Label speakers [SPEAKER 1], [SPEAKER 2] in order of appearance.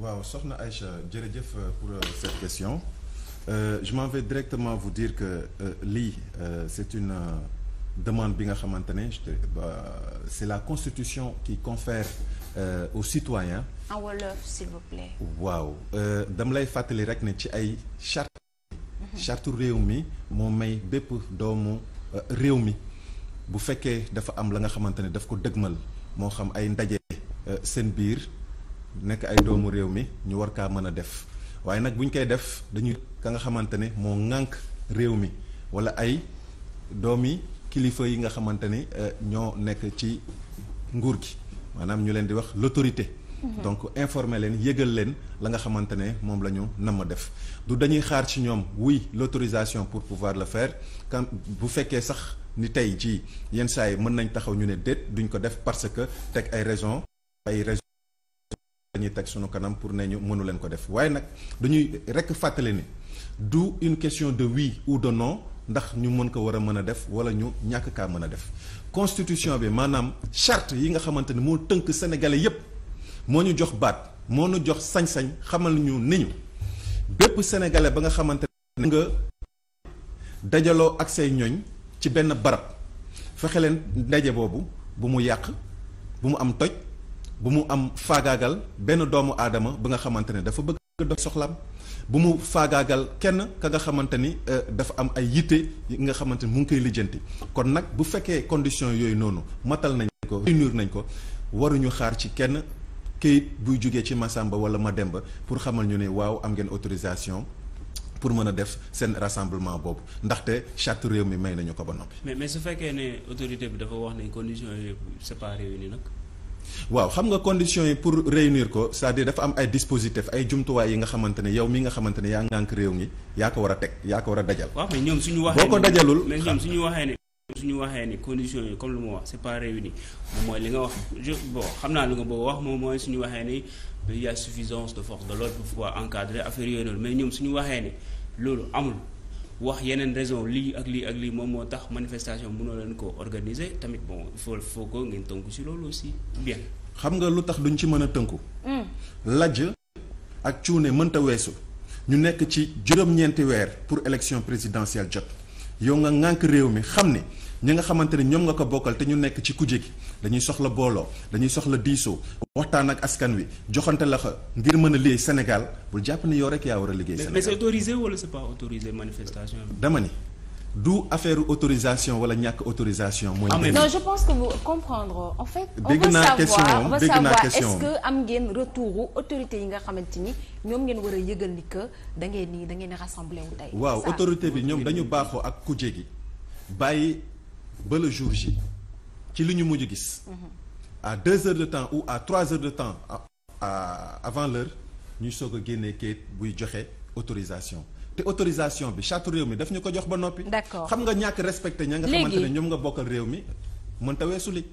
[SPEAKER 1] waaw soxna Aïcha jërëjëf euh, pour euh, cette question euh, je m'en vais directement vous dire que euh, lii euh, c'est une demande bi nga xamante ne c'est la constitution qui confère aux citoyens.
[SPEAKER 2] en wolof s'il vous
[SPEAKER 1] waaw dam lay fàttali rek ne ci ay charte mhm. charte réew mi moo may bépp doomu réew mi bu fekkee dafa am la nga xamante ne daf ko dëgmal moo xam ay ndaje seen biir. nekk ay doomu réew mi ñu war kaa mën a def waaye nag bu ñu koy def dañuy ka nga xamante ne moo ŋànk réew mi wala ay doomi kilifa yi nga xamante ni euh, ñoo nekk ci nguur gi maanaam ñu leen di wax l'autorité mhm. donc informer leen yëgal leen la nga xamante ne moom la ñu namm def du dañuy xaar ci ñoom wuy l'autorisation pour pouvoir le faire quand bu fekkee sax ni tey ji yenn saa yi mën nañ taxaw ñu ne déet duñ ko def parce que teg ay raison ay raison ñuy teg sunu kanam pour ne ñu mënu leen ko def waaye nag dañuy rekk fàttali ni du une question de oui ou de non ndax ñu mën ko war a mën a def wala ñu ñàkk kaa mën a def constitution bi maanaam charte yi nga xamante ni moo tënk sénégalais yépp moo ñu jox baat moo ñu jox sañ-sañ xamal ñu ni bépp sénégalais ba nga xamante ne nga dajaloo ak say ñoñ ci benn barab fexe leen ndaje boobu bu mu yàq bu mu am toj bu mu am faagaagal benn doomu aadama ba nga xamante ne dafa bëgg dox soxlaam bu mu faagaagal kenn ka nga xamante ni euh, dafa am ay yitte nga xamante ni mu ngi koy lijjanti kon nag bu fekkee condition yooyu noonu matal nañ ko réunir nañ ko waruñu xaar ci kenn kayit buy jógee ci Massamba wala Mademba pour xamal ñu ne waaw am ngeen autorisation pour mën a def seen rassemblement boobu ndaxte charte réew mi may nañu ko ba noppi.
[SPEAKER 2] mais mais su fekkee ne autorité bi dafa wax ne condition yooyu c'est nag.
[SPEAKER 1] waaw xam nga condition yi pour réunir ko sa à dire dafa am ay dispositifs ay jumtuwaay yi nga xamante ne yow mi nga xamante ne yaa ngànk réew mi yaa ko war a teg yaa ko war a dajal. waaw mais
[SPEAKER 2] ñoom suñu waxee boo ko dajalul mais ñoom suñu waxee ne suñu waxee ne conditions yi comme lu ma wax c'est li nga wax bon xam naa lu nga boo wax moom mooy suñu waxee ni a suffisance de force de l'ordre pour pouvoir encadrer affaire yooyu noonu mais ñoom suñu waxee ne loolu amul. wax yeneen raison lii ak lii ak lii moom moo tax manifestation mënoo leen ko organiser tamit bon il
[SPEAKER 1] faut ko ngeen tënku ci loolu aussi bien. xam nga lu tax duñ ci mën a tënku. Hmm. lajj ak cuune mënta weesu ñu nekk ci juróom-ñeenti weer pour élection présidentielle jot yow nga ŋànk réew mi xam ne. ñi nga xamante ni ñoom nga ko bokkal te ñu nekk ci kuje gi dañuy soxla booloo dañuy soxla diisoo waxtaan ak askan wi joxante la xa ngir mën a liggéey Sénégal bul jàpp ne yow rek yaa war a liggéey Sénégal mais c'est
[SPEAKER 2] autorisé wala c'est pas autorisé
[SPEAKER 1] dama ni du affaire autorisation wala ñàkk autorisation. mooy ah, non je
[SPEAKER 2] pense que vous comprendre en fait. on veut savoir on veut savoir est-ce que am ngeen retouru autorité yi nga xamante ni ñoom ngeen war a yëgal ni que da ngeen ni da ngeen a rassemblé waaw autorité
[SPEAKER 1] bi ñoom dañu baaxoo ak kuje gi bàyyi. ba le jour J ci li ñu mujj gis. à deux heures de temps ou à trois heures de temps avant l'heure ñu soog a génnee kayit buy joxe autorisation te autorisation bi charte réew mi daf ñu ko jox ba noppi. d'accord xam nga ñàkk respecté ña nga xamante ne ñoom nga bokkal réew mi mënta weesu
[SPEAKER 2] li